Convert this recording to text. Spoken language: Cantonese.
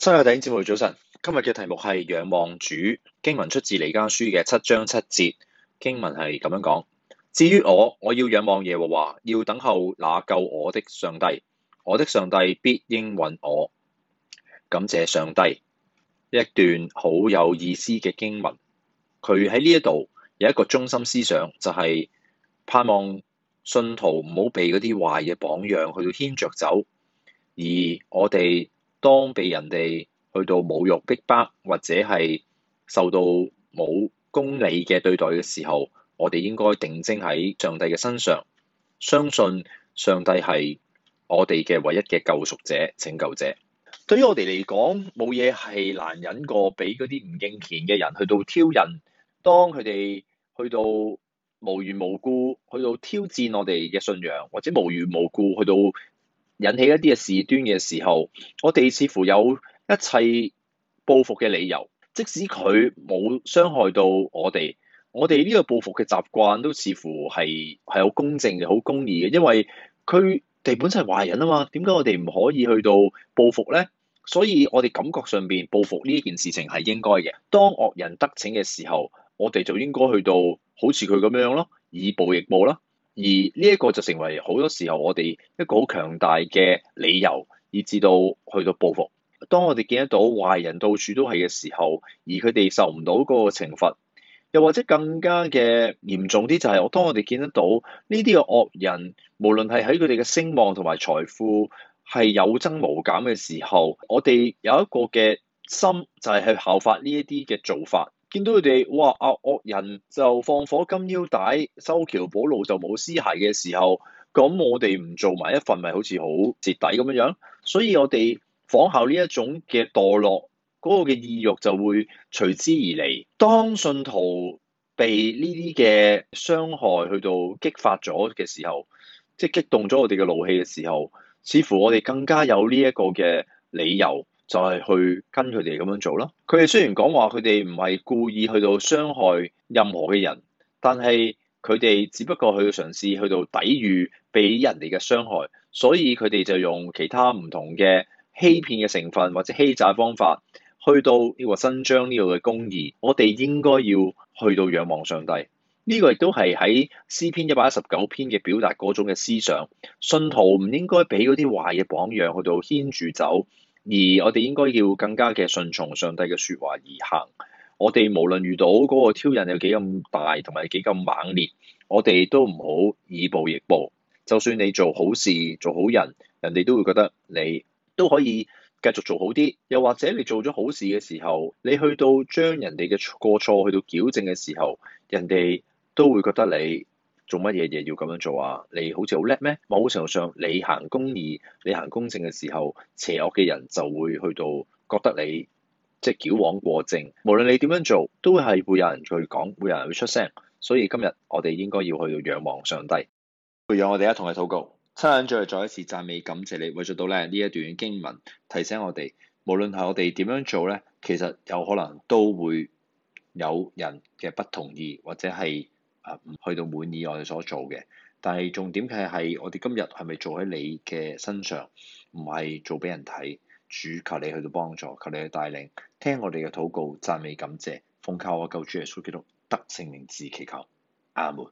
《三日頂》節目早晨，今日嘅題目係仰望主，經文出自《彌迦書》嘅七章七節，經文係咁樣講。至於我，我要仰望耶和華，要等候那救我的上帝，我的上帝必應允我。感謝上帝，一段好有意思嘅經文。佢喺呢一度有一個中心思想，就係、是、盼望信徒唔好被嗰啲壞嘅榜樣去到牽着走，而我哋。當被人哋去到侮辱逼迫，迫，迫，或者係受到冇公理嘅對待嘅時候，我哋應該定睛喺上帝嘅身上，相信上帝係我哋嘅唯一嘅救贖者、拯救者。對於我哋嚟講，冇嘢係難忍過俾嗰啲唔敬虔嘅人去到挑釁。當佢哋去到無緣無故去到挑戰我哋嘅信仰，或者無緣無故去到。引起一啲嘅事端嘅時候，我哋似乎有一切報復嘅理由，即使佢冇傷害到我哋，我哋呢個報復嘅習慣都似乎係係好公正嘅、好公義嘅，因為佢哋本身係壞人啊嘛，點解我哋唔可以去到報復咧？所以我哋感覺上邊報復呢一件事情係應該嘅。當惡人得逞嘅時候，我哋就應該去到好似佢咁樣咯，以暴易暴啦。而呢一個就成為好多時候我哋一個好強大嘅理由，以至到去到報復。當我哋見得到壞人到處都係嘅時候，而佢哋受唔到嗰個懲罰，又或者更加嘅嚴重啲就係我，當我哋見得到呢啲嘅惡人，無論係喺佢哋嘅聲望同埋財富係有增無減嘅時候，我哋有一個嘅心就係去效法呢一啲嘅做法。見到佢哋，哇、啊！惡人就放火金腰帶，修橋補路就冇屍骸嘅時候，咁我哋唔做埋一份，咪好似好蝕底咁樣樣。所以我哋仿效呢一種嘅墮落，嗰個嘅意欲就會隨之而嚟。當信徒被呢啲嘅傷害去到激發咗嘅時候，即係激動咗我哋嘅怒氣嘅時候，似乎我哋更加有呢一個嘅理由。就係去跟佢哋咁樣做咯。佢哋雖然講話佢哋唔係故意去到傷害任何嘅人，但係佢哋只不過去嘗試去到抵禦俾人哋嘅傷害，所以佢哋就用其他唔同嘅欺騙嘅成分或者欺詐方法去到呢個伸張呢度嘅公義。我哋應該要去到仰望上帝。呢個亦都係喺詩篇一百一十九篇嘅表達嗰種嘅思想。信徒唔應該俾嗰啲壞嘅榜樣去到牽住走。而我哋應該要更加嘅順從上帝嘅説話而行。我哋無論遇到嗰個挑釁有幾咁大，同埋幾咁猛烈，我哋都唔好以暴易暴。就算你做好事做好人，人哋都會覺得你都可以繼續做好啲。又或者你做咗好事嘅時候，你去到將人哋嘅過錯去到矯正嘅時候，人哋都會覺得你。做乜嘢嘢要咁樣做啊？你好似好叻咩？某程度上，你行公義、你行公正嘅時候，邪惡嘅人就會去到覺得你即係矯枉過正。無論你點樣做，都會係會有人去講，會有人會出聲。所以今日我哋應該要去到仰望上帝。讓我哋一同嚟禱告，親人再再一次讚美感謝你，為咗到呢一段經文提醒我哋，無論係我哋點樣做呢，其實有可能都會有人嘅不同意或者係。去到滿意我哋所做嘅，但係重點嘅係我哋今日係咪做喺你嘅身上，唔係做俾人睇，主求你去到幫助，求你去帶領，聽我哋嘅禱告，讚美感謝，奉靠我救主耶穌基督得勝名字祈求，阿門。